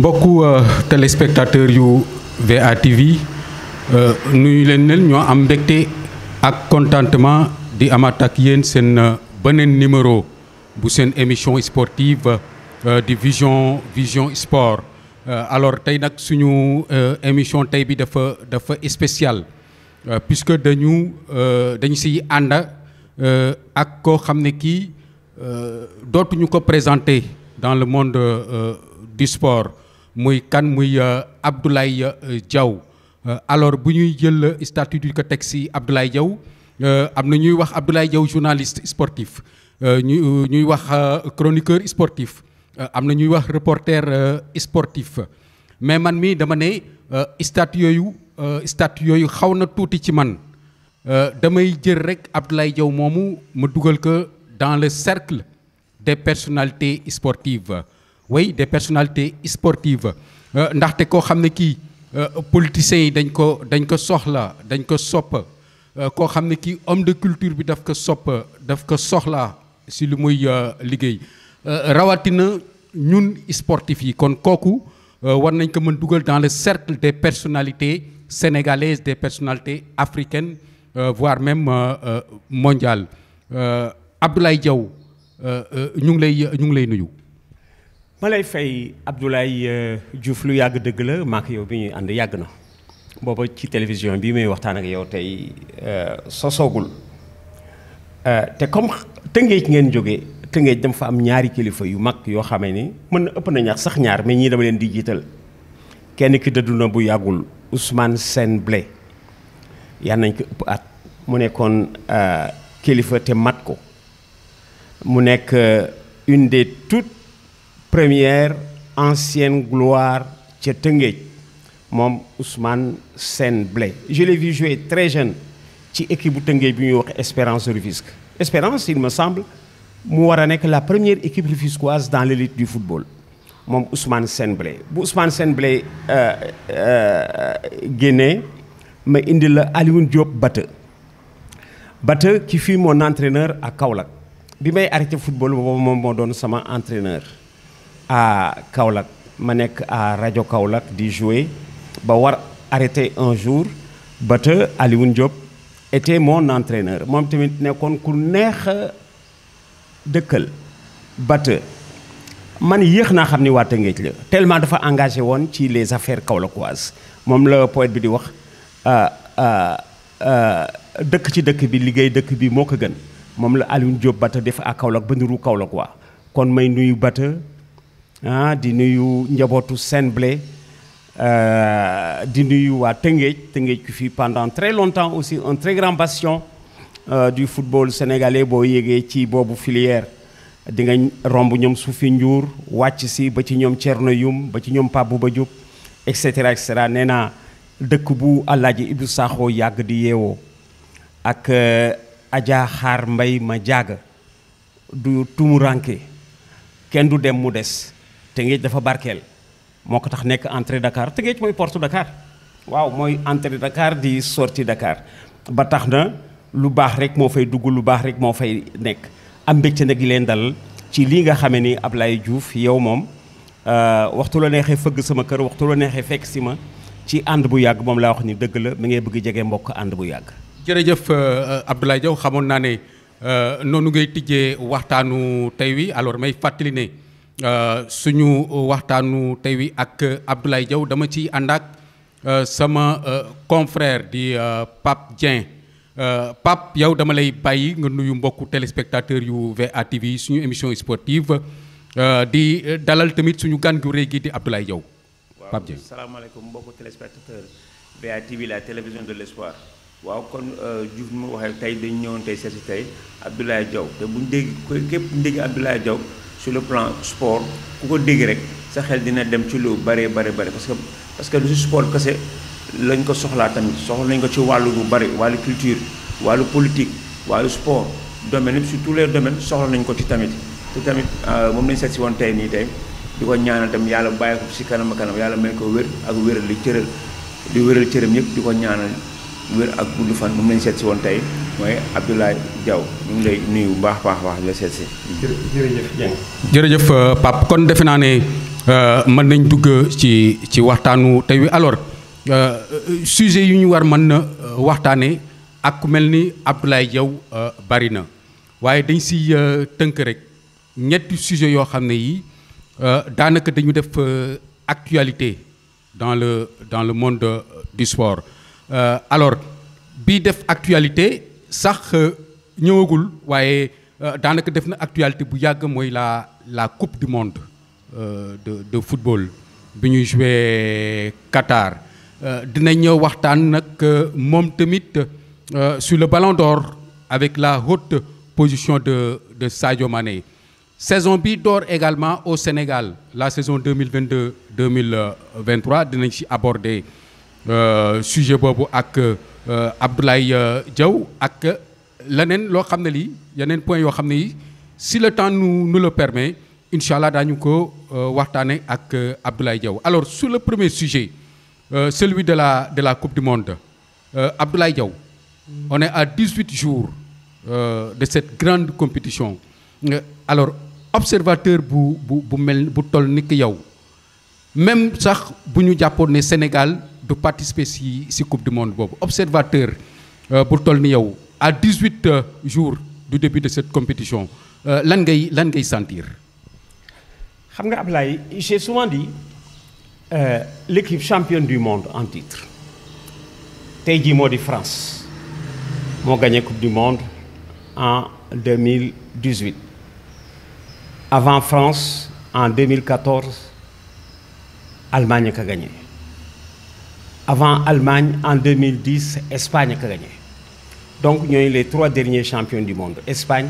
Beaucoup de téléspectateurs VA TV euh, nous leen nen ñoo am mbégte ak contentement di m'attaquer ak yéen seen euh, numéro bu seen émission sportive euh, de vision vision sport alors tey nag suñu émission tey bi dafa dafa spécial puisque nous, dañu siy euh, ak koo xam ne kii dootuñu ko présenter dans le monde du sport muy kan muy euh, Abdoulaye euh, Diaw euh, alors bu ñuy jël statut du ko teg si Abdoulaye Diaw am na ñuy wax Abdoulaye Diaw journaliste sportif ñu ñuy wax chroniqueur sportif am na ñuy wax reporter sportif mais man mii dama ne statut yooyu statut yooyu xaw na tuuti ci man damay jël rek Abdoulaye Diaw moomu ma dugal ko dans le cercle des personnalités sportives oui des personnalités sportives euh, ndaxte koo xam que les euh, politiciens sont dañ ko dañ ko soxla dañ ko sopp euh, koo xam homme de culture bi daf ko sopp daf ko soxla si lu muy liggéey rawatina ñun sportif yi kon kooku war nañ ko mën dans le cercle des personnalités sénégalaises des personnalités africaines voire même mondiales Abdoulaye Diaw ñu ngi lay ñu ngi lay nuyu ma lay fay Abdoulaye euh, Diouf lu yàgg dëgg la maak yow bi ñuy ànd yàgg na booba ci télévision bi muy waxtaan ak yow tey euh, sosoogul euh, te comme tëngéej ngeen jóge tëngéej dama fa am ñaari kilifa yu mag yoo xamee ni mën na ëpp nañ ak sax ñaar mais ñii dama leen di jiital kenn ki dëddu na bu yàggul Ousmane Sène Blay yal nañ ko ëpp at mu nekkoon kilifa te mat ko mu nekk une des toutes première ancienne gloire de Tengue Ousmane Senblé. je l'ai vu jouer très jeune ci équipe de Tengue bi Espérance Rufisque Espérance il me semble mu la première équipe rufisquoise dans l'élite du football mon Ousmane Senblé. Ousmane Senble Blay Mais il a eu Alioune Diop Batte batteur qui fut mon entraîneur à Kaolack bi may arrêté football je suis mon entraîneur à Kaolak, manek à Radio Kaolack di jouer ba war arrêté un jour ba te Alioune job, était mon entraîneur moom tamit nekkoon ku neex a dëkkal ba man yéex na xamni ni la tellement dafa engagé won ci les affaires kaolackoises mom la poète bi di wax euh, euh, euh, dëkk ci dëkk bi liggéey dëkk bi moko ko gën moom la Alioune Diop Bata def à kaolak ba niru Kaolack waa kon may nuyu Bata ah di nuyu saint euh di nuyu pendant très longtemps aussi un très grand bastion euh, du football sénégalais bo yégué ci bobu filière di nga rombu ñom Soufi Ndiour wàcc etc. ba ci ñom Thierno ba ci ñom Pape et du tumuranke kendo Tëngéej dafa barkeel moo ko tax nekk entrée Dakar Tëngéej mooy porte Dakar waaw mooy entrée dakaar di sorti dakaar ba tax na lu baax rek moo fay dugg lu baax rek moo fay nekk am mbégte nag yi leen dal ci lii nga xamee ni Ablaye Diouf yow moom euh, waxtu la neexee fëgg sama kër waxtu la neexee fekk si ma ci ànd bu yàgg moom laa wax ni dëgg la mi ngay bëgg jege mbokk ànd bu yàgg. jërëjëf euh, euh, Abdoulaye Diaw xamoon naa ne noonu ngay tijjee waxtaanu tey wi alors may fàttali ne. Euh, suñu waxtaanu tey wi ak euh, Abdoulaye Diaw dama ci ànd ak euh, sama confrère di Pape Dieng Pape yow dama lay bàyyi nga nuyu mbokku téléspectateur yu VA TV suñu émission sportive di dalal tamit suñu gan gu rëy gi di Abdoulaye Diaw. Pape Dieng waaw salaamaaleykum mbokku téléspectateur VA TV la télévision de l'espoir. waaw kon juuf mu waxee tey dañ ñëwoon tey seet si tey Abdoulaye Diaw te buñ dégg képp ñu dégg Abdoulaye Diaw. sur le plan sport ku ko dégg rek sa xel dina dem ci lu bare bare bare parce que parce que lu si sport kese lañ ko soxlaa tamit soxla nañ ko ci wàllu bu bari wàllu culture wàllu politique wàllu sport domaine yëpp sur tous les domaines soxla nañ ko ci tamit te tamit euh, moom lañ seet si woon tey nii tey di ko ñaana dem yàlla bàyyi ko si kanam a kanam yàlla may ko wér ak wéral li cëral di wéral cëram yëpp di ko ñaanal wér ak gudd fan moom lañ seet si woon tey mooy Abdoulaye Diaw ñu ngi lay nuyu bu baax baax baax di la seet si. jërëjëf Dieng. Euh, kon defe naa ne euh, mën nañ dugg ci ci waxtaanu tey wi alors euh, sujet yu ñu war mën na waxtaanee ak ku mel ni Abdoulaye Diaw bari na waaye dañ si tënk rek ñetti sujet yoo xam ne yi daanaka dañu def actualité dans le dans le monde di sport. Euh, alors bi def actualité sax euh, ñëwagul waaye euh, daanaka def na actualité bu yàgg la la coupe du monde de de football bi ñuy joué Qatar dina ñëw waxtaan nag moom tamit sur le ballon d'or avec la haute position de de Sadio Mané saison bi également au Sénégal la saison 2022 2023 dinañ ci aborder euh, sujet bobu ak euh, Abdoulaye euh, Diaw ak que lo xamné li yenen point si le temps nous le permet Inch'Allah, dañu daañu ko waxtaane ak Abdoulaye alors sur le premier sujet celui de la de la coupe du monde Abdoulaye Diaw mm. on est à 18 jours de cette grande compétition alors observateur bu bu mel ni même sax buñu Sénégal de participer si si coupe du monde observateur pour euh, toll à 18 euh, jours du début de cette compétition euh, lan ngay sentir. j'ai souvent dit l'équipe championne du monde en titre c'est moi France m'a gagné coupe du monde en 2018 avant France en 2014 Allemagne a gagné avant Allemagne en 2010, Espagne a gagné. Donc, nous avons les trois derniers champions du monde. Espagne,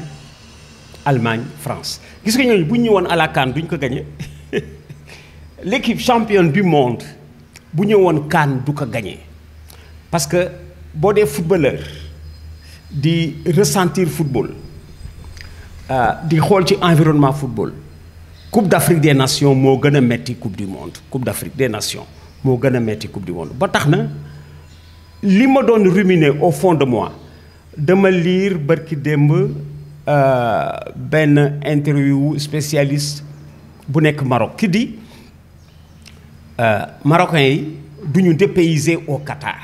Allemagne, France. Qu'est-ce que nous avons à la Cannes, gagné. L'équipe championne du monde, nous avons Cannes, nous gagné. Parce que, si des footballeurs, di ressentir football, euh, de xool un environnement football, Coupe d'Afrique des Nations moo gën Coupe du monde Coupe d'Afrique des Nations moo gën a metti coupe du monde ba tax na li ma doon ruminer au fond de moi dama lire barki démb euh, benn interview spécialiste bu nekk Maroc ki di euh, marocains yi du dépayser au Qatar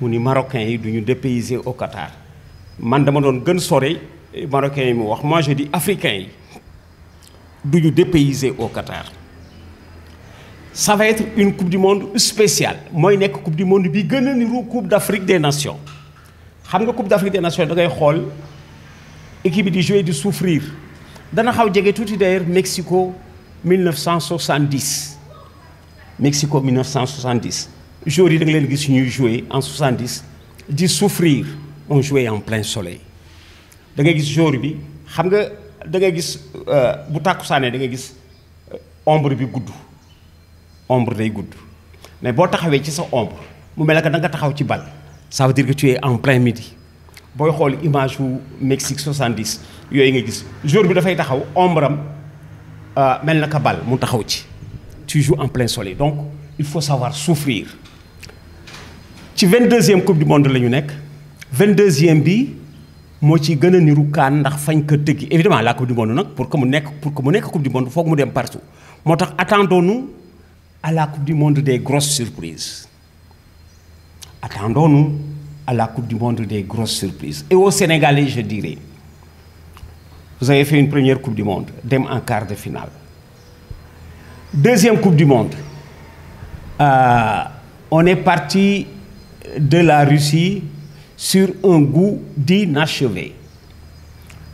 mu ni marocains yi du dépayser au Qatar man dama doon gën sore marocains yi mu wax moi je dis africains yi du dépayser au Qatar ça va être une coupe du monde spéciale suis une coupe du monde bi je suis coupe d'Afrique des nations xam coupe d'Afrique des nations da un rôle. équipe qui jouer de souffrir dana xaw tout tuuti d'ailleurs Mexico 1970 Mexico 1970 jour yi da nga leen nous en 70 De souffrir on jouait en plein soleil da ngay gis joueur bi xam nga da ngay euh, bu euh, ombre bi ombre day good mais bo taxawé ci sa ombre mu mel da nga taxaw ci ça veut dire que tu es en plein midi tu xol image du Mexique 70 yoy nga gis jour bi fay taxaw ombre am euh, mel naka ka bal mu taxaw ci tu joues en plein soleil donc il faut savoir souffrir ci 22e coupe du monde la nek 22e bi mo ci gëna ni ru kan ndax fañ ko évidemment la coupe du monde nak pour que mu nek pour que mu coupe du monde foog mu dem partout motax attendons-nous à la Coupe du Monde des grosses surprises. Attendons-nous à la Coupe du Monde des grosses surprises. Et aux Sénégalais, je dirais, vous avez fait une première Coupe du Monde, même en quart de finale. Deuxième Coupe du Monde, euh, on est parti de la Russie sur un goût d'inachevé.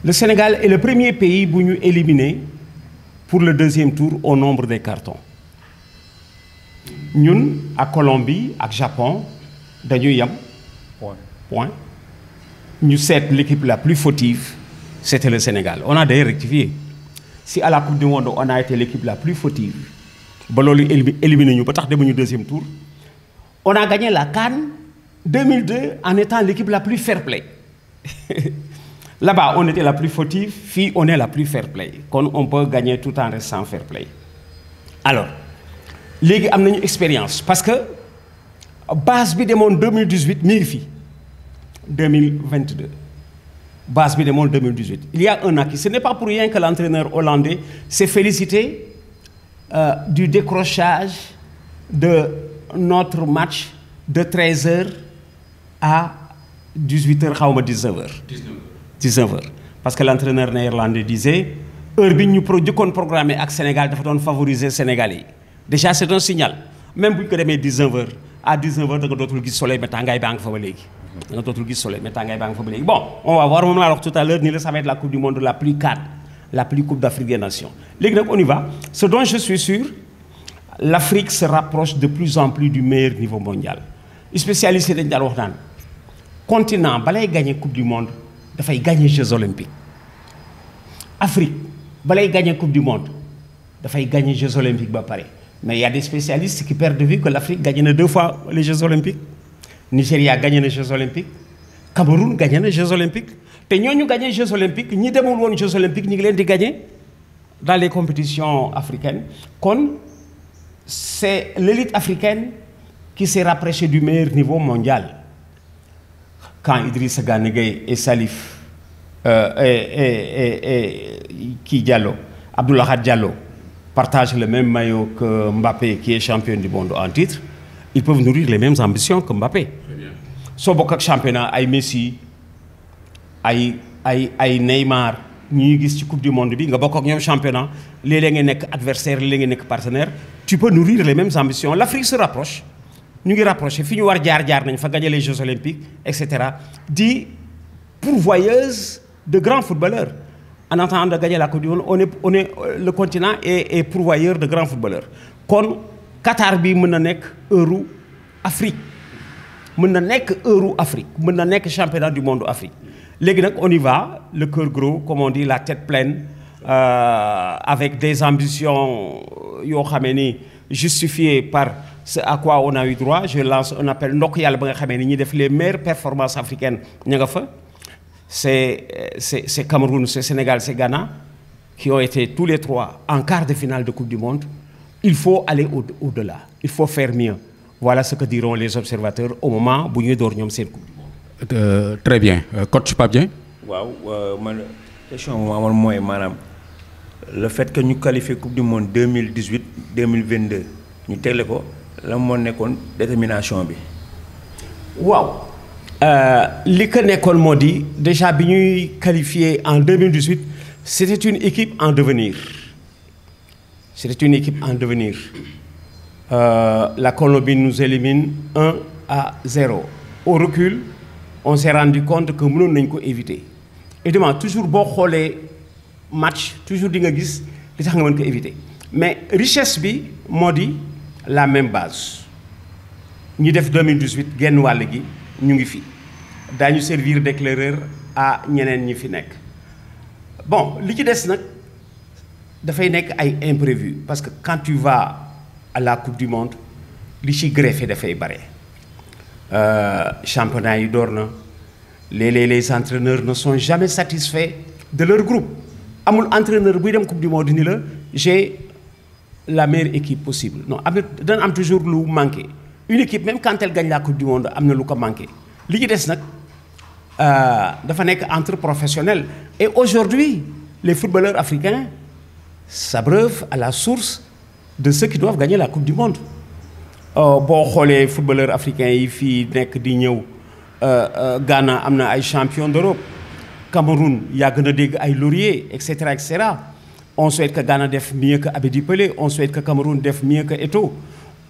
Le Sénégal est le premier pays bounu éliminé pour le deuxième tour au nombre des cartons ñun à Colombie à Japon nous Yam, point Nous sommes l'équipe la plus fautive c'était le Sénégal on a d'ailleurs rectifié si à la coupe du monde on a été l'équipe la plus fautive éliminé deuxième tour on a gagné la CAN 2002 en étant l'équipe la plus fair-play là-bas on était la plus fautive fi on est la plus fair-play on peut gagner tout en restant fair-play alors. Ligue a une expérience parce que base de 2018 mi 2022 base de 2018 il y a un acquis ce n'est pas pour rien que l'entraîneur hollandais s'est félicité euh, du décrochage de notre match de 13h à 18h 19h. 19h parce que l'entraîneur néerlandais disait heure nous ñu pro programme programmé Sénégal dafa doon favoriser les Sénégalais déjà c'est un signal même pour que ko mecs 19h à 19h da nga dootul gis soleil mais tàngaay soleil, mais fa ba le soleil mais bon on va voir maintenant, moment tout à l'heure ça va être la coupe du monde la plus cadre la plus coupe d'Afrique des nations Les on y va ce dont je suis sûr l'Afrique se rapproche de plus en plus du meilleur niveau mondial spécialiste spécialistes dañ le continent, naan continent balay la coupe du monde gagner gagné Jeux olympiques Afrique balay gagné coupe du monde gagner gagné Jeux olympiques mais il y a des spécialistes qui perdent de vue que l'Afrique gagne deux fois les Jeux Olympiques. Nigeria a les Jeux Olympiques. Cameroun a les Jeux Olympiques. Et nous avons gagné les Jeux Olympiques. Nous avons les Jeux Olympiques. Nous avons gagné dans les compétitions africaines. C'est l'élite africaine qui s'est rapprochée du meilleur niveau mondial. Quand Idriss Ganegay et Salif, euh, et, et, Abdullah Diallo, partagent le même maillot que Mbappé, qui est champion du monde en titre, ils peuvent nourrir les mêmes ambitions que Mbappé. tu bokk un championnat ay Messi ay ay ay Neymar ñuy gis ci coupe du monde bi nga bokk ak championnat léeg-léeg nga adversaire partenaire tu peux nourrir les mêmes ambitions l'Afrique se rapproche Nous, ngi rapprochons. fi ñu war nañ fa les Jeux olympiques etc. Dit pourvoyeuse de grands footballeurs en attendant de gagner la Coupe du Monde on est euh, le continent est est pourvoyeur de grands footballeurs kon Qatar bi mën Afrique nek Afrique championnat du monde Afrique Maintenant, on y va le cœur gros comme on dit la tête pleine euh, avec des ambitions euh, yo justifiées par ce à quoi on a eu droit je lance un appel Nokia, yàlla ba les meilleures performances africaines c'est Cameroun, c'est Sénégal, c'est Ghana, qui ont été tous les trois en quart de finale de Coupe du Monde, il faut aller au-delà, il faut faire mieux. Voilà ce que diront les observateurs au moment où nous dormions cette Coupe du Monde. Euh, très bien. Euh, coach Pabien. Waouh, question, madame. Le fait que nous qualifions Coupe du Monde 2018-2022, nous avons la détermination. Waouh euh, l'école ko déjà bien qualifiée en 2018 c'était une équipe en devenir c'était une équipe en devenir euh, la Colombie nous élimine 1 à 0 au recul on s'est rendu compte que nous nous pouvions évité. éviter demain, toujours bon les match toujours di nga gis li tax nga éviter mais richesse bi la même base ñi def 2018 genn wàll gi ñu dañu servir d'éclaireur à ñeneen ñi fi nekk bon li ci des da fay nekk ay imprévu parce que quand tu vas à la coupe du monde li ci greffé dafay euh championnat yi door les entraîneurs ne sont jamais satisfaits de leur groupe amul entraîneur bu dem coupe du monde ni la j'ai la meilleure équipe possible non am am toujours lu manqué une équipe même quand elle gagne la coupe du monde am a lu ko manqué li ci des nak euh, dafa entre professionnels et aujourd'hui les footballeurs africains s'abreuvent à la source de ceux qui doivent gagner la coupe du monde euh, boo les footballeurs africains yi fii nekk di euh, Ghana am na ay champions d'Europe Cameroun yàgg na dégg ay lauriers et cetera on souhaite que Ghana def mieux que on souhaite que Cameroun def mieux que eto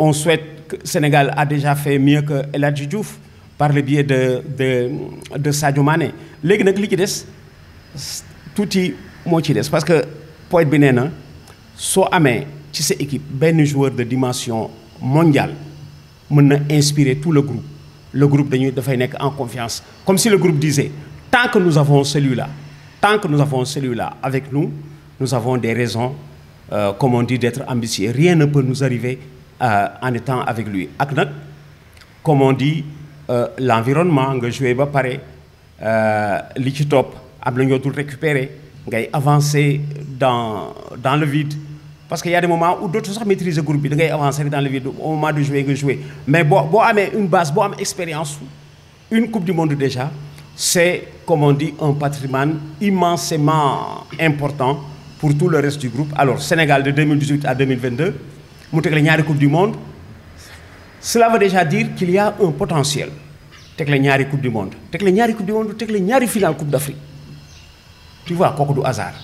on souhaite que Sénégal a déjà fait mieux que El par le biais de de de Sadio Mane. Légui nak li ci dess touti mo ci dess parce que pour être nee na soo ci équipe ...un joueur de dimension mondiale nous inspirer tout le groupe le groupe dañuy fay nek en confiance comme si le groupe disait tant que nous avons celui-là tant que nous avons celui-là avec nous nous avons des raisons euh, comme on dit d'être ambitieux rien ne peut nous arriver euh, en étant avec lui ak comme on dit euh, l'environnement que je vais pas li ci top am la récupérer avancer dans dans le vide parce qu'il y a des moments où d'autres sont maîtriser groupe bi avancer dans le vide au moment de jouer jouer mais bon bon une base une expérience une coupe du monde déjà c'est comme on dit un patrimoine immensément important pour tout le reste du groupe alors Sénégal de 2018 à 2022 mu à la coupe du monde cela veut déjà dire qu'il y a un potentiel teg les ñaari coupe du monde teg les ñaari coupe du monde teg les ñaari finale coupe d'Afrique tu vois kooku du hasard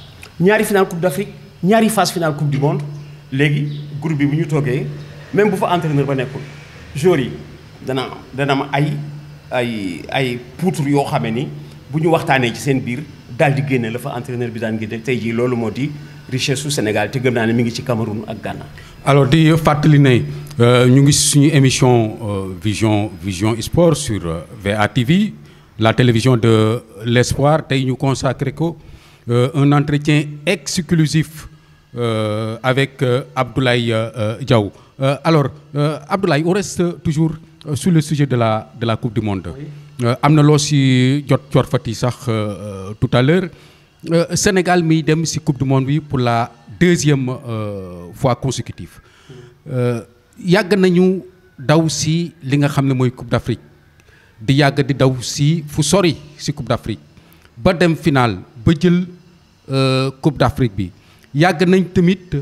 ñaari finale coupe d'Afrique ñaari phase finale coupe du monde Légui groupe bi buñu ñu même bu fa entraîneur ba nekkul joueurs yi dana dana am ay ay ay poutre yo xamé ni buñu waxtané ci seen biir dal di génne la fa entraîneur bi daan génne tey jii loolu richesse au Sénégal te gëm naa ne mi ngi ci Cameroun ak Ghana. alors di fàttali ne. Nous euh, ngi émission euh, vision vision sur euh, VA TV la télévision de l'espoir. un entretien exclusif avec Abdoulaye Diaw alors Abdoulaye on reste toujours sur le sujet de la de la coupe du monde am si jot tout à l'heure Sénégal mi dem coupe du monde pour la deuxième fois consécutive yàgg nañu daw si li nga xam ne mooy Coupe d'Afrique di yàgg di daw si fu sori si Coupe d'Afrique ba dem final ba jël euh, Coupe d'Afrique bi yàgg nañ tamit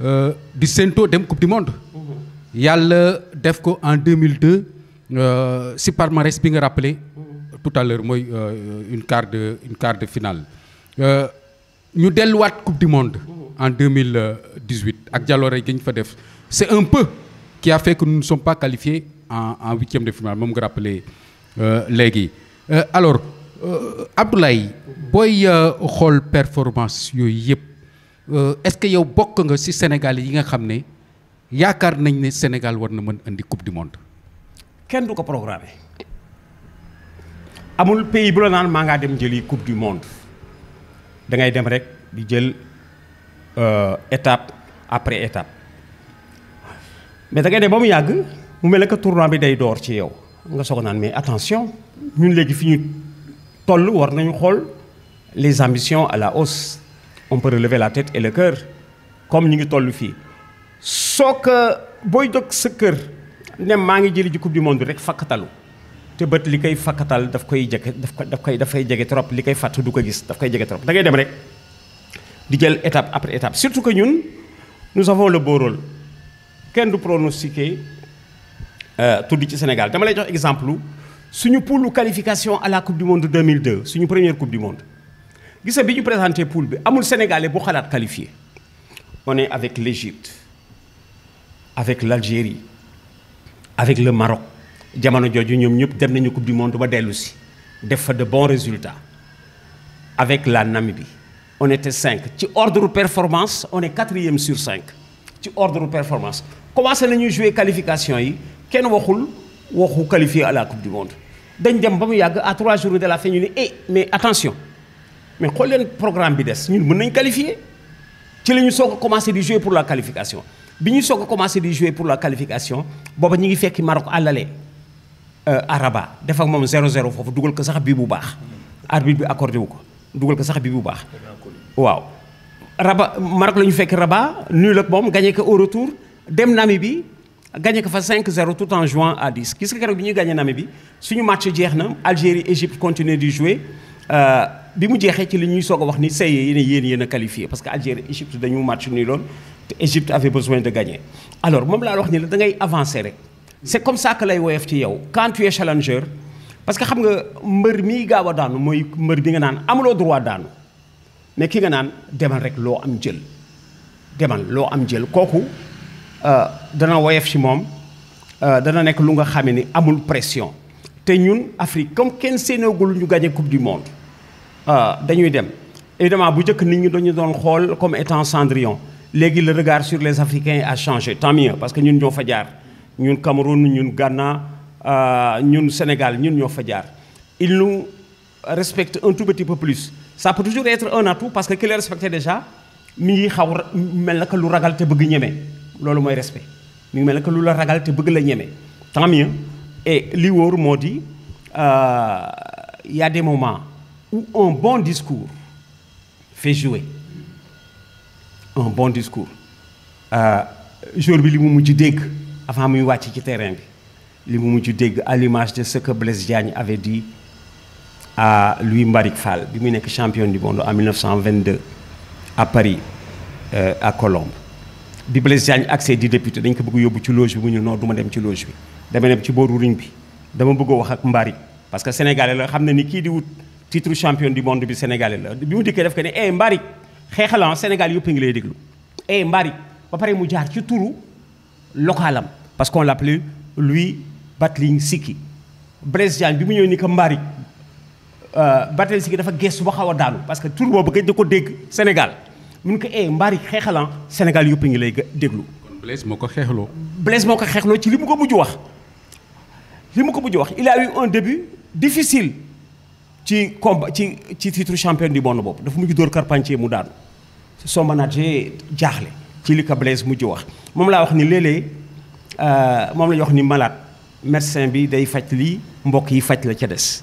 euh, di séentoo dem Coupe du Monde yàlla def ko en 2002 euh, si palmarès bi nga rappelé tout à l'heure mooy une quart de une quart de finale ñu delluwaat Coupe du Monde en 2018 ak jaloore gi ñu fa def c'est un peu qui a fait que nous ne sommes pas qualifiés en huitième de finale Je me rappelé euh, euh, alors euh, Abdoulaye booy xool performance yooyu performance, est-ce que yow avez nga ci Sénégal yi nga xam ne nañ ne Sénégal war na coupe du monde. Quel du ko programmé amul pays bu la naan maa dem coupe du monde da ngay dem rek étape après étape mais da ngay dem ba que attention ñun léegi fi les ambitions à la hausse on peut relever la tête et le cœur comme ñu ngi toll fii soo ce booy jóg sa kër ne ngi coupe du monde rek te li daf koy daf dafay trop li du ko gis daf koy trop da ngay dem rek di étape après étape surtout que ñun nous avons le beau rôle kenn du pronostiqué euh, tout le Sénégal vous donner un exemple suñu une qualification à la coupe du monde 2002 C'est une première coupe du monde gisa bi ñu présenté poule bi amul sénégalais bu qualifié on est avec l'Égypte avec l'Algérie avec le Maroc jamono jooju nous ñëpp dem nañu coupe du monde ba def de bons résultats avec la Namibie on était cinq Ordre de performance on est 4 quatrième sur 5 ci ordre performance commencé nañu jouer qualification yi kenn waxul waxu qualifié à la coupe du monde dañ dem ba à trois jours de la fin ñu l'année eh mais attention mais xool leen programme bi des ñun mën nañ qualifier ci la ñu soog a commencé à jouer pour la qualification bi ñu soog a commencé à jouer pour la qualification booba ñu ngi fekki Maroc àllale euh, à Rabat def ak moom 0-0 foofu dugal ko sax bi bu baax arbitre bi accordé wu ko dugal ko sax bi bu baax waaw Rabat Maroc la fait fekk Rabat nul ak gagné au retour dem Namibie gagné 5-0 tout en jouant à 10 Qu'est-ce que bi ñuy gagné Namibie suñu match jeex na Algérie Égypte continuent de jouer euh, bi mu jeexee ci li ñuy a wax parce que Algérie Égypte dañu match avait besoin de gagner alors je vais wax avancer c'est comme ça que lay est ci quand tu es challenger parce que tu sais que le gaaw a le droit mais ki nga naan demal rek loo am jël demal loo am jël kooku euh, dana woyef ci moom euh, dana nekk lu nga xame ni amul pression te ñun Afrique comme kenn sénégal ñu gagné coupe du monde euh, dañuy dem évidemment bu njëkk nit ñi dañu doon xool comme étant cendrillon légui le regard sur les africains a changé tant mieux parce que ñun ñoo fa jaar ñun Cameroun ñun Ghana ñun Sénégal ñun ñoo fa jaar il nous respectent un tout petit peu plus ça peut toujours être un atout parce que ki la respecté déjà mi ngi xaw mel na lu ragal te bëgg ñëmé lolu moy respect mi mel na lu la ragal te bëgg la ñëmé tant mieux et li m'a dit il y a des moments où un bon discours fait jouer un bon discours euh, jour bi li mu mujj dégg avant muy wacc ci terrain bi li mu mujj dégg à l'image de ce que Blaise Diagne avait dit à Louis Mbarik Fall qui est champion du monde en 1922 à Paris euh, à Colombe bi Blaise accédé accès di députés il ko bëgg à ci loge bi ñu non la loge bi parce que sénégalais la a ni est di titre champion du monde du sénégalais eh, ah, Sénégal Il a ngi lay eh, parce qu'on l'appelait Siki Brésilien, euh, Barthélémy dafa gees ba xaw a daanu parce que tour bobu gëj na ko dégg Sénégal mun ko ee eh, mbari xeexalan ah, Sénégal yëpp ngi lay deglu kon Blaise moo ko xeexloo. Blaise moo ci limu ko muju wax limu ko muju wax il a eu un début difficile ci combat ci ci titre champion du monde bobu dafa muju dor Carpentier mu daanu son manager jaaxle ci li ko Blaise mujj wax mom la wax ni léeg euh mom la ñu wax ni malade médecin bi day faj li mbok yi faj la ca dess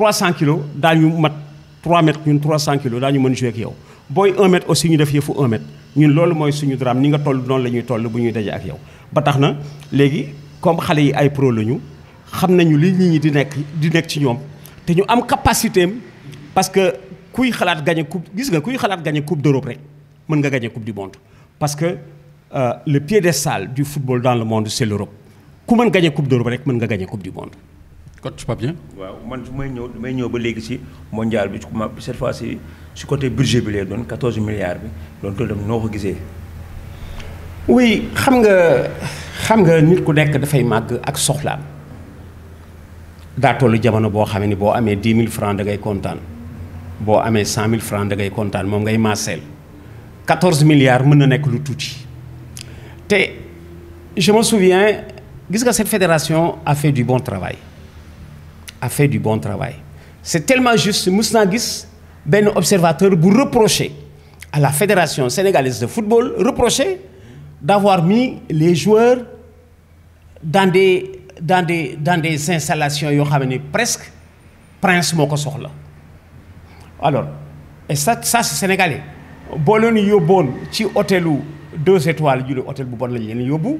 300 kilos dans 3 mètres 300 kg dans le jouer ak 1 mètre aussi 1 mètre Nous avons fait suñu ni nga comme yi ay pro capacité parce que kuy gagné coupe coupe d'Europe rek coupe du monde parce que euh, le salles du football dans le monde c'est l'Europe ku gagner gagné coupe d'Europe rek coupe du monde. Quand tu Dieng waaw man je may may ñëw ba léegi si mondial bi cette fois ci sur côté budget bi lay 14 milliards bi doon toll dem ko gisee. oui xam nga xam nga nit ku nekk dafay màgg ak soxlaam daa tollu jamono bo xam ni boo amee 10 000 francs da ngay kontaan boo amee 100 000 francs da ngay kontaan moom ngay Marcel, 14 milliards meuna nek nekk lu tuuti té je me souviens gis nga cette fédération a fait du bon travail a fait du bon travail c'est tellement juste mës Ben observateur vous reproché à la fédération sénégalaise de football reproché d'avoir mis les joueurs dans des dans des dans des installations qui ont ramené presque prince moo alors et ça c'est sénégalais Bolon yobon tu ci ou deux étoiles tu hôtel bu bon lañ leen yóbbu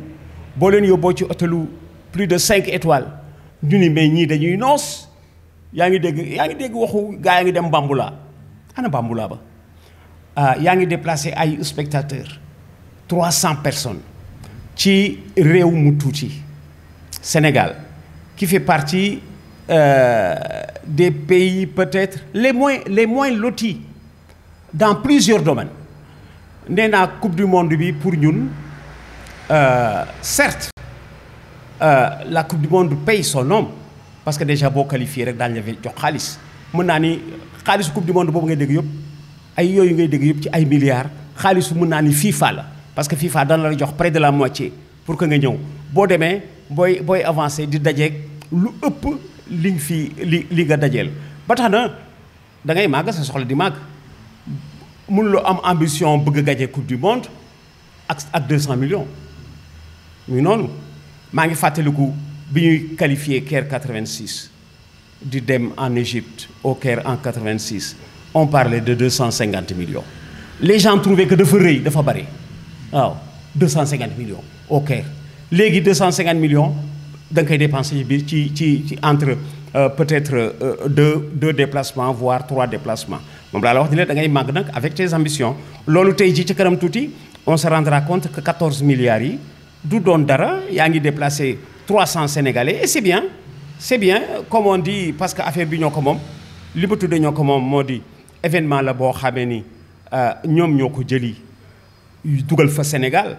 boo plus de cinq étoiles ñu ni mais ñii dañuy noos yaa ngi dégg yaa ngi dégg waxu gaa yaa ngi dem Bambula ana Bambula ba ah yaa ngi déplacé ay spectateurs trois cent personnes ci réew mu tuuti Sénégal qui fait partie euh, des pays peut-être les moins les moins lotis dans plusieurs domaines nee naa coupe du monde bi pour ñun euh, certes euh, la coupe du monde paye son nom parce que déjà boo qualifié rek daañu la jox xaalis mën naa coupe du monde boobu ngay dégg yëpp ay yooyu ngay dégg yëpp ci ay milliards xaalisu mën naa FIFA la parce que FIFA dana la jox près de la moitié pour que nga ñëw boo demee booy booy avancé di dajeeg lu ëpp liñ fi li li nga dajeel ba tax na da ngay màgg sa soxla di màgg mënuloo am ambition bëgg gagner coupe du monde ak 200 millions muy noonu. Je bien qualifié Caire 86 du dem en Égypte au Caire en 86 on parlait de 250 millions les gens trouvaient que de vrai, de bari oh, 250 millions au Caire Les 250 millions donc ils entre euh, peut-être euh, deux déplacements voire trois déplacements Alors, avec tes ambitions on se rendra compte que 14 milliards du don dara y a déplacé 300 sénégalais et c'est bien c'est bien comme on dit parce que affaire bi ñoo ko moom li ma tudde événement la bas nous ni euh, ñoom nous ko jëli nous, Sénégal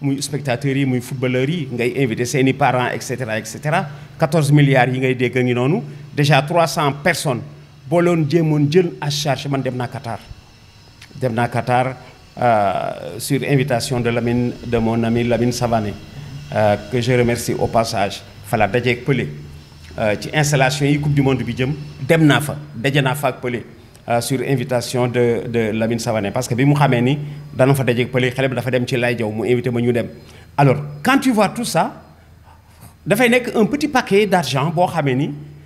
muy spectateurs yi muy footballeurs yi ngay inviter seeni parents et cetera 14 milliards yi ngay dégg ngi noonu déjà 300 personnes boo loon jéemoon jël à charge man dem naa Qatar dem naa Qatar. Euh, sur invitation de, Lamine, de mon ami Lamine Savané, euh, que je remercie au passage. Fala Dajek Pelé euh, ci installation yi Coupe du Monde bi jëm dem naa Pelé euh, sur invitation de de Lamine Savané parce que bi mu le ni dana fa dajeeg Pelé xale bi dafa dem ci lay mu invité ma alors quand tu vois tout ça y a un petit paquet d'argent pour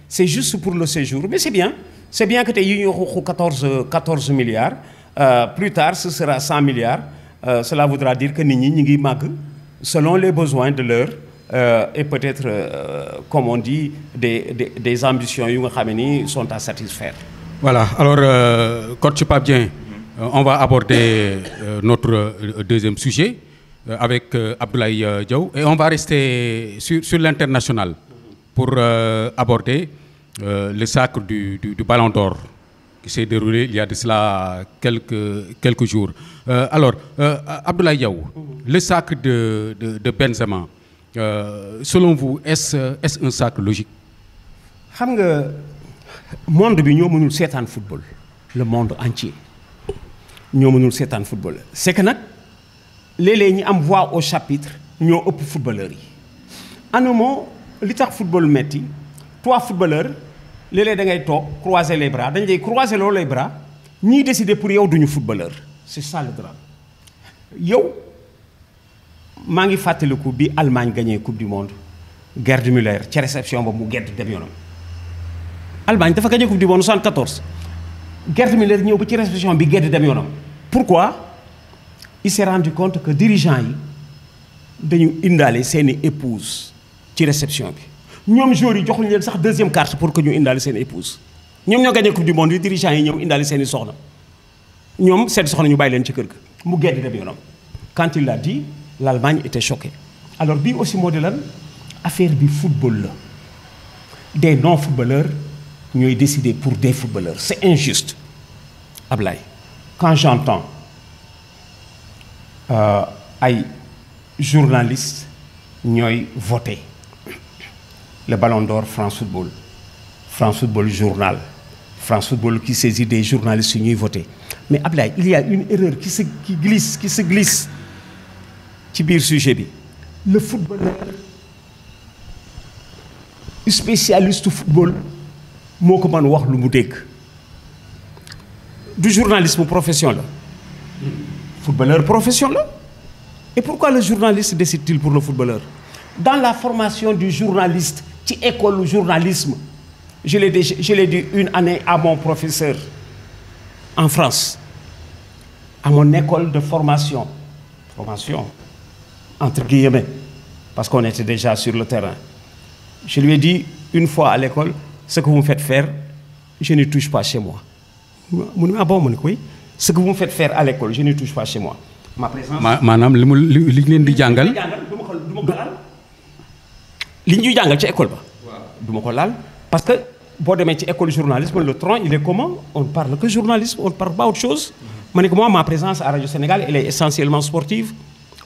juste pour le séjour mais c'est bien c'est bien que tu aies 14 14 milliards. Euh, plus tard, ce sera 100 milliards. Euh, cela voudra dire que nous sommes selon les besoins de l'heure euh, et peut-être, comme on dit, des, des, ambitions sont à satisfaire. Voilà. Alors, euh, pas bien, on va aborder notre deuxième sujet avec Abdoulaye et on va rester sur, l'international pour aborder le sacre du Ballon d'Or. C'est déroulé il y a de cela quelques, jours. Euh, alors, euh, Abdoulaye Yaou, le sacre de, de, de Benzema, euh, selon vous, est-ce un sacre logique Vous savez, le monde nous en football, le monde entier. Nous en football. C'est que nous avons ñi voix au chapitre nous sommes footballeur yi en un mot li football metti trois footballeurs les da ngay croiser les bras dañ lay croiser loolu les bras ñi décider pour yow duñu footballeur c'est ça le drame yow ma ngi fàttaliku bi Allemagne gagné coupe du monde Gerd Müller la réception ba mu gedd dem yonam Allemagne dafa gagné coupe du monde 74 Gerd Müller ñew ba ci réception bi gedd dem yonam pourquoi il s'est rendu compte que dirigeant yi dañu indalé seeni épouse ci réception bi nous ont yi joxuñ leen deuxième carte pour que ñu indaale seen épouse Nous ñoo gagné coupe du monde les dirigeants yi ñëw Coupe seen Monde. soxna ñom seen soxna ñu du leen ci kër ga mu quand il l'a dit l'Allemagne était choquée alors bi aussi moo affaire du football des non footballeurs ñoy décidé pour des footballeurs c'est injuste Ablay. quand j'entends euh, ay journalistes ñoy voter le Ballon d'Or France Football, France Football Journal, France Football qui saisit des journalistes qui votés. Mais après, il y a une erreur qui se qui glisse, qui se glisse. Qui le sujet. Le footballeur, spécialiste du football, Mokoman du journalisme professionnel. footballeur professionnel. et pourquoi le journaliste décide-t-il pour le footballeur dans la formation du journaliste école école journalisme je l'ai dit une année à mon professeur en France à mon école de formation formation entre guillemets parce qu'on était déjà sur le terrain je lui ai dit une fois à l'école ce que vous me faites faire je ne touche pas chez moi ah ce que vous me faites faire à l'école je ne touche pas chez moi ma présence Madame, li école parce que l'école du école journalisme le tronc il est comment on ne parle que journalisme on ne parle pas autre chose. ma moi ma présence à Radio Sénégal elle est essentiellement sportive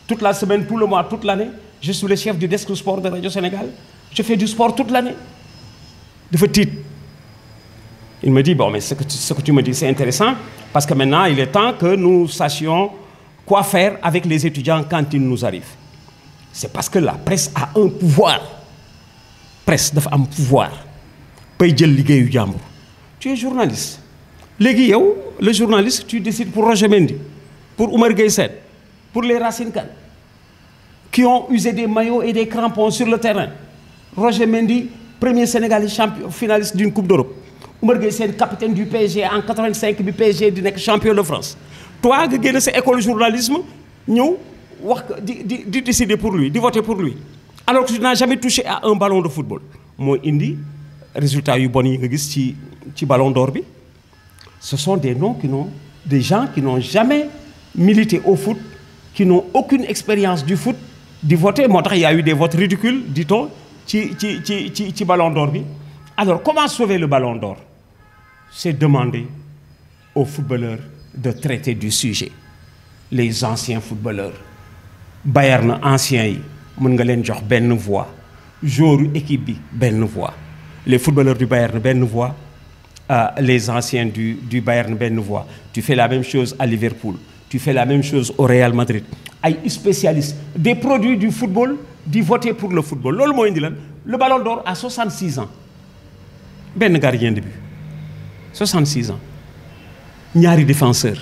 toute la semaine tout le mois toute l'année je suis le chef du desk sport de Radio Sénégal je fais du sport toute l'année De petit Il me dit, bon, mais ce que ce que tu me dis, c'est intéressant, parce que maintenant, il est temps que nous sachions quoi faire avec les étudiants quand ils nous arrivent. C'est parce que la presse a un pouvoir presse dafa am pouvoir jël tu es journaliste Les yow le journaliste tu décides pour Roger Mendy pour Oumar Gueye pour les Racine qui ont usé des maillots et des crampons sur le terrain Roger Mendy premier sénégalais champion finaliste d'une coupe d'Europe Oumar Gueye capitaine du PSG en 85 du PSG du champion de France toi nga génn sa école journalisme ñëw wax di décider pour lui di voter pour lui alors que tu n'as jamais touché à un ballon de football Moi Indy... résultat yu y yi nga ballon d'or ce sont des noms qui n'ont des gens qui n'ont jamais milité au foot qui n'ont aucune expérience du foot du voter Moi, il y a eu des votes ridicules dit-on ci ballon d'or alors comment sauver le ballon d'or c'est demander aux footballeurs de traiter du sujet les anciens footballeurs Bayern anciens mën nga leen jox benn voix joueur équipe bi voix les footballeurs du Bayern benn voix ah, les anciens du du Bayern benn voix tu fais la même chose à Liverpool tu fais la même chose au Real Madrid ay spécialistes des produits du football di voter pour le football le ballon d'or à 66 ans benn gardien de but 66 ans ñaari défenseur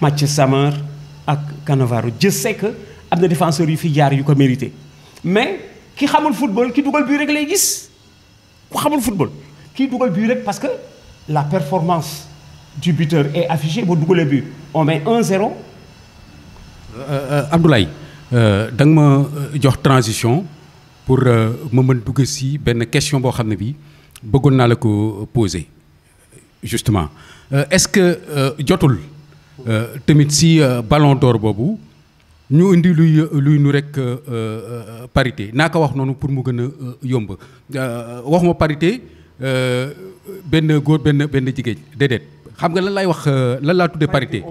Mathieu Samar ak Cannavaro je sais que am na défenseurs yu fi jaar yu ko mérité mais ki xamul football ki dugal bii rek lay gis ku xamul football ki dugal bii rek parce que la performance du buteur est affichée ba les but on met 1-0. Euh, euh, Abdoulaye je euh, vais ma jox transition pour ma mën dugg si benn question boo xam ne bii poser justement est-ce que jotul tamit si ballon d'or ñu indi luy luy nu rek euh, euh, parité naka wax noonu pour mu gëna euh, yomb waxuma parité benn goor benn benn jigéen dedet xam nga lan lay wax lan la tuddee parité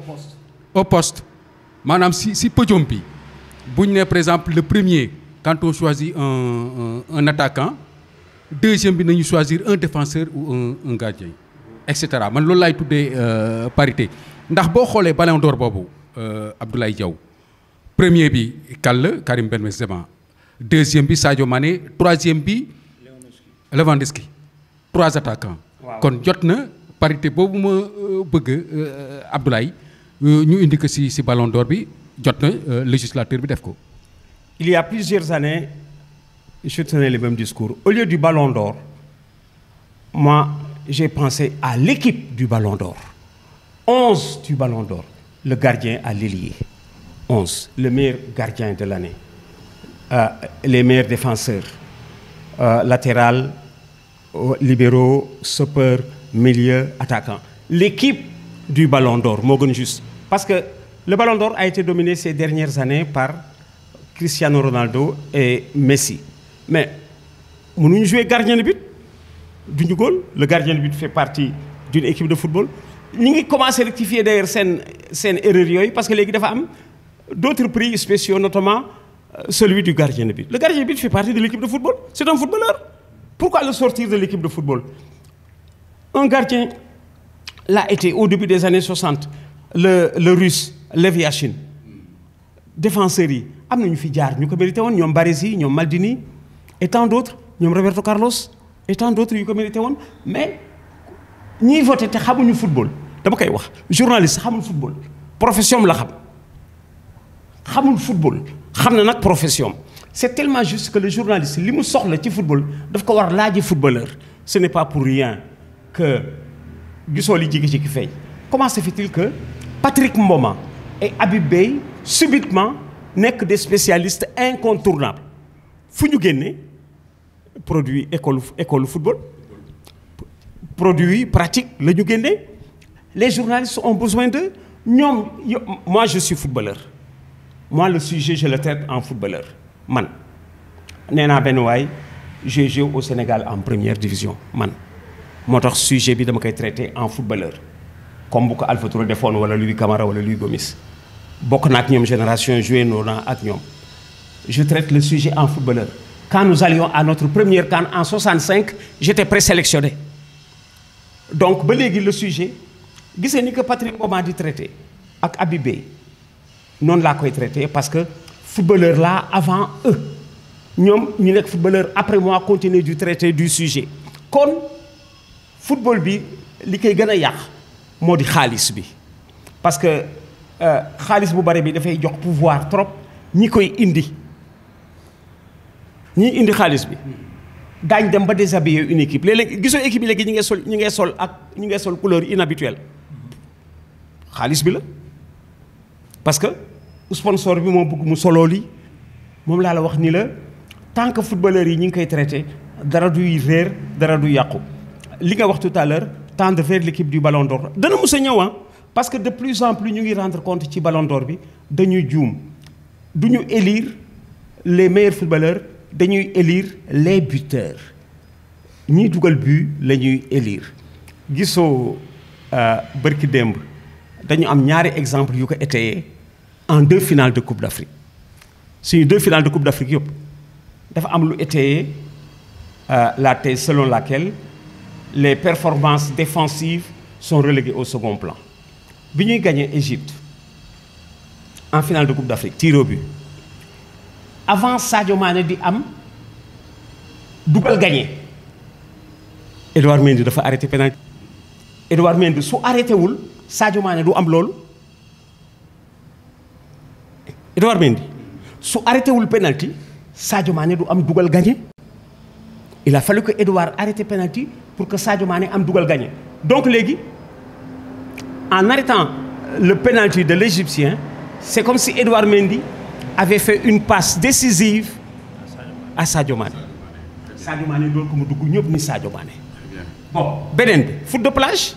au poste manam si si podium bi buñ né par exemple le premier quand on choisit un un attaquant deuxième bi nañu choisir un défenseur ou un un gardien etc. man man lay laay euh, parité ndax bo xolé ballon d'or euh, Abdoulaye Diaw premier bi Kalle, Karim Karim Benzema deuxième bi Sadio Mané troisième bi Lewandowski trois attaquants. kon jotna parité boobu ma euh, bëgg euh, Abdoulaye euh, ñu indi ko Ballon d'Or bi le législateur bi def il y a plusieurs années je tenais le même discours au lieu du Ballon d'Or moi j'ai pensé à l'équipe du Ballon d'Or onze du Ballon d'Or le gardien à l'ailier 11, le meilleur gardien de l'année, euh, les meilleurs défenseurs, euh, latéral, euh, libéraux, sopper, milieu, attaquant. L'équipe du Ballon d'Or, Morgan Juste. Parce que le Ballon d'Or a été dominé ces dernières années par Cristiano Ronaldo et Messi. Mais nous jouons gardien de but du goal. Le gardien de but fait partie d'une équipe de football. Nous commençons à rectifier d'ailleurs erreur parce que l'équipe de femmes d'autres prix spéciaux, notamment euh, celui du gardien de but. Le gardien de but fait partie de l'équipe de football. C'est un footballeur. Pourquoi le sortir de l'équipe de football Un gardien l'a été au début des années 60, le, le russe Lev Yashin. Défenseur, il y a des Baresi, Maldini, et tant d'autres, Roberto Carlos, et tant d'autres, mais ñi voté té xamuñu football dama koy wax journaliste xamul football profession la xam le football xam na profession c'est tellement juste que le journaliste li mu soxla ci football daf ko war laaji footballeur ce n'est pas pour rien que gisoo li jigi ci ki comment se fait-il que Patrick Mboma et Habib Bey, subitement que des spécialistes incontournables fu ñu génne produit école école football produit pratique la ñu génne les journalistes ont besoin de moi je suis footballeur moi le sujet je le traite en footballeur man Nena Benouaï, je au Sénégal en première division man Mon sujet je dama traite en footballeur comme beaucoup Alpha Touré Defone, wala Louis Camara ou Louis Gomis Beaucoup naa génération joué ak je traite le sujet en footballeur quand nous allions à notre première camp en 65 j'étais présélectionné donc ba le sujet c'est ni que Patrick a di traité Avec Abibé. Non la koy traité parce que footballeur là avant eux ñom ñu nek footballeur après moi continuer du traité du sujet kon football bi li kay gëna a modi khalis bi parce que khalis euh, bu bari bi fay jox pouvoir trop ñi koy indi ñi indi khalis bi daañ dem ba déshabiller une équipe les les gisoo équipe yi léegi ñu sol ñi ngi sol ak ñi ngi sol couleur inhabituelle khalis bi la parce que sponsor bi mo bëgg mu solo li mom la wax ni la tant que footballeur yi ñi ngi koy traité dara du réer dara du yàqu li nga wax tout à l'heure tendre vers l'équipe du ballon d'or dana mos a ñëw hein, parce que de plus en plus ñu ngi rendre compte ci ballon d'or bi dañuy juum duñu élire les meilleurs footballeurs dañuy élire les buteurs ñi dugal but la ñuy élire gisoo euh, barki démb dañu am ñaari exemple yu ko étayé en deux finales de coupe d'Afrique. C'est deux finales de coupe d'Afrique. Il y étayer am euh, la thèse selon laquelle les performances défensives sont reléguées au second plan on a gagné Égypte en finale de coupe d'Afrique, tiré tir au but avant Sadio Mané di am double gagné Edouard Mendy a arrêté penalty Edouard Mendy su arrêté wul Sadio Mané du am gagné. Edouard Mendy so arrêté le penalty Sadio Mane doit am dougal gagner... il a fallu que Edouard le penalty pour que Sadio Mane am dougal gagner... donc en arrêtant le penalty de l'Égyptien c'est comme si Edouard Mendy avait fait une passe décisive à Sadio Mane... Sadio Mane doit comme mu dugg ni Sadio Mane... bon Benen, foot de plage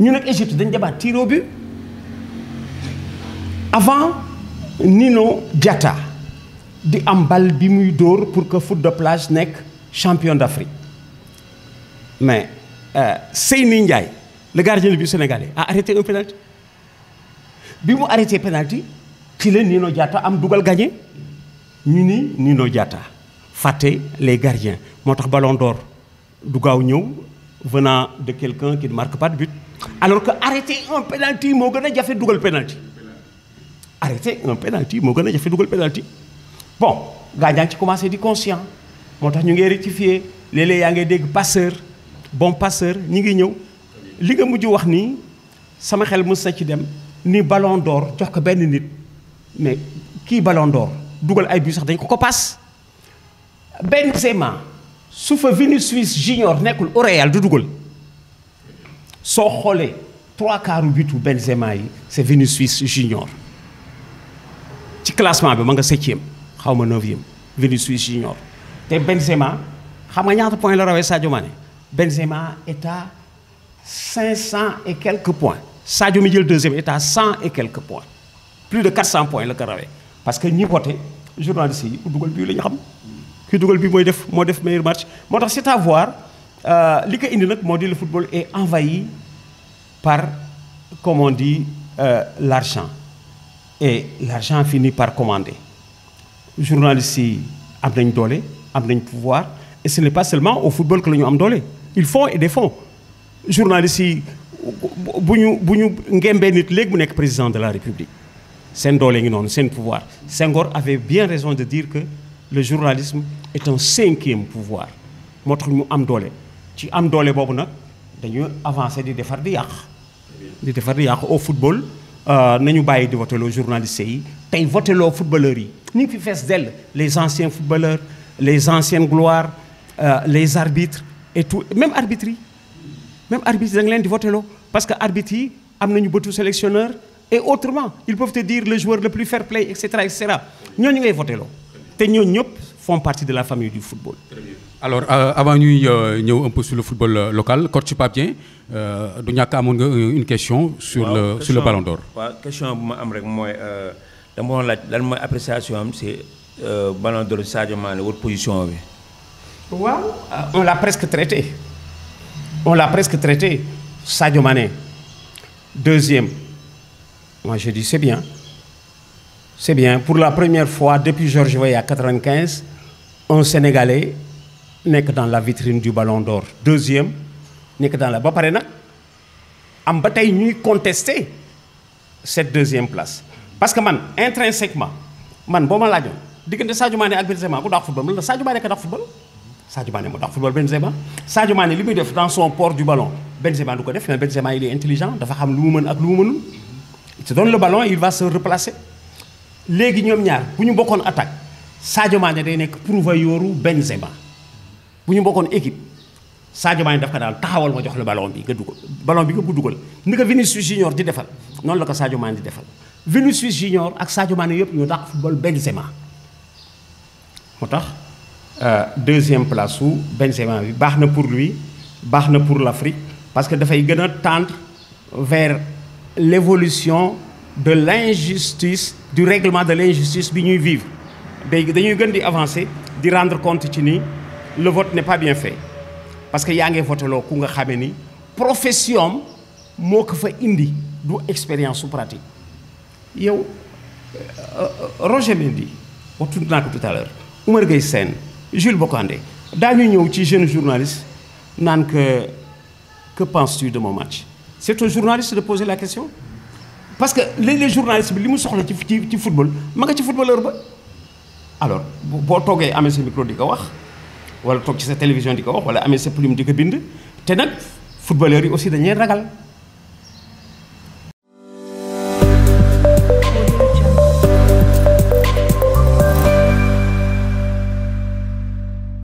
Nous, Égypte dañ tiré tir au but avant Nino Diatta di am bal bi muy pour que foot de plage soit champion d'Afrique mais euh, Seyni Ndiaye le gardien du but sénégalais a arrêté un penalty bi mu arrêté penalty ki le Nino Diatta am dougal gagné ñu ni Nino Diatta faté les gardiens motax ballon d'or du gaaw venant de quelqu'un qui ne marque pas de but alors que arrêter un penalty mo gëna a fait penalty arrêté un penalty moo gën a jafe dugal penalty bon gars ñaa ngi ci commencé di conscient moo tax ñu ngi rectifier léeg-léeg yaa dégg passeur bon passeur ñi ngi ñëw li nga mujj wax nii sama xel mës na ci dem ni ballon d'or jox ko benn nit mais kii ballon d'or dugal ay bu sax dañ ko ko paas Benzema su fa suisse Junior nekul au Real du dougal so xolé trois quarts butu Benzema yi c'est Vinicius Junior ci classement bi ma nga septième xaw ma neuvième Suisse, Junior Et Benzema xam nga point la Benzema est à 500 et quelques points Sadio mi jël deuxième est à 100 et quelques points plus de 400 points le parce que ñi voté journaliste yi pas meilleur match c'est à voir euh, le football est envahi par comme on dit euh, l'argent et l'argent finit par commander. Les journalistes ont dolé, dollars, ont pouvoir, et ce n'est pas seulement au football que nous avons dolé. Ils font et défont. Les journalistes, si vous êtes président de la République, c'est un pouvoir. Senghor avait bien raison de dire que le journalisme est un cinquième pouvoir. nous am dolé. Tu am dolé, nous avons avancé de faire des De faire des au football. Euh, nañu bàyyi di voteloo journalistes yi tey voteloo footballeurs yi ñu ngi fi fees dell les anciens footballeurs les anciennes gloires euh, les arbitres et tout même arbitres même arbitres da nga leen di parce que arbitres yi am nañu bëtu sélectionneur et autrement ils peuvent te dire le joueur le plus fair play et cetera et cetera ñooñu ngay voteloo te ñooñu ñëpp font partie de la famille du football. Alors, euh, avant nous euh, un peu sur le football euh, local, Coach Papien, euh, Donc une question sur, le, question, sur le ballon d'or. La question que moi, euh, mon appréciation, c'est euh, le ballon d'or Sadio Mane, votre position On l'a presque traité. On l'a presque traité. Sadio Mane, deuxième. Moi, je dis, c'est bien. C'est bien. Pour la première fois depuis Georges Voy à 95, un Sénégalais nek dans la vitrine du Ballon d'Or deuxième nek dans la ba pare nag am ba ñuy contester cette deuxième place parce que man intrinsèquement man boo ma laajoon diggante Sadio Mané ak Benzema ku daax football man la Sadio Mané ka daax football Sadio Mané moo daax football Benzema Sadio Mané li muy def dans son port du ballon Benzema du ko def mais Benzema il est intelligent dafa xam lu mu mën ak lu mu mënul il te donne le ballon il va se replacer Les ñoom ñaar bu ñu bokkoon attaque Sadio Mane day nekk pourvoyeur Benzema bu ñu bokkoon équipe Sadio Mane daf ko daal taxawal ma jox Le ballon bi nga ballon bi nga ko dugal ni ko Vinicius Junior di defal non la ko Sadio Mané di defal Vinicius Junior ak Sadio Mane yëpp ñu tax football Benzema moo euh, deuxième place où Benzema bi baxna pour lui baxna pour l'Afrique parce que da fay a tendre vers l'évolution de l'injustice du règlement de l'injustice bi ñuy vivre nous dañuy gën di avancer rendre compte que le vote n'est pas bien fait parce que vous ngi qui ku nga xamee ni profession moo fa indi du expérience pratique yow euh, euh, Roger Mendy je tout dit tout à l'heure Oumar Gueye Sen, Jules Bocandé dans ñëw ci jeune journaliste que que penses-tu de mon match c'est aux journalistes de poser la question parce que les journalistes, ils ne li mu le ci ci football alors boo toogee amee sa micro di ko wax wala toog ci sa télévision di ko wax wala amee sa plume di ko bind te nag footballeurs yi aussi dañuy ragal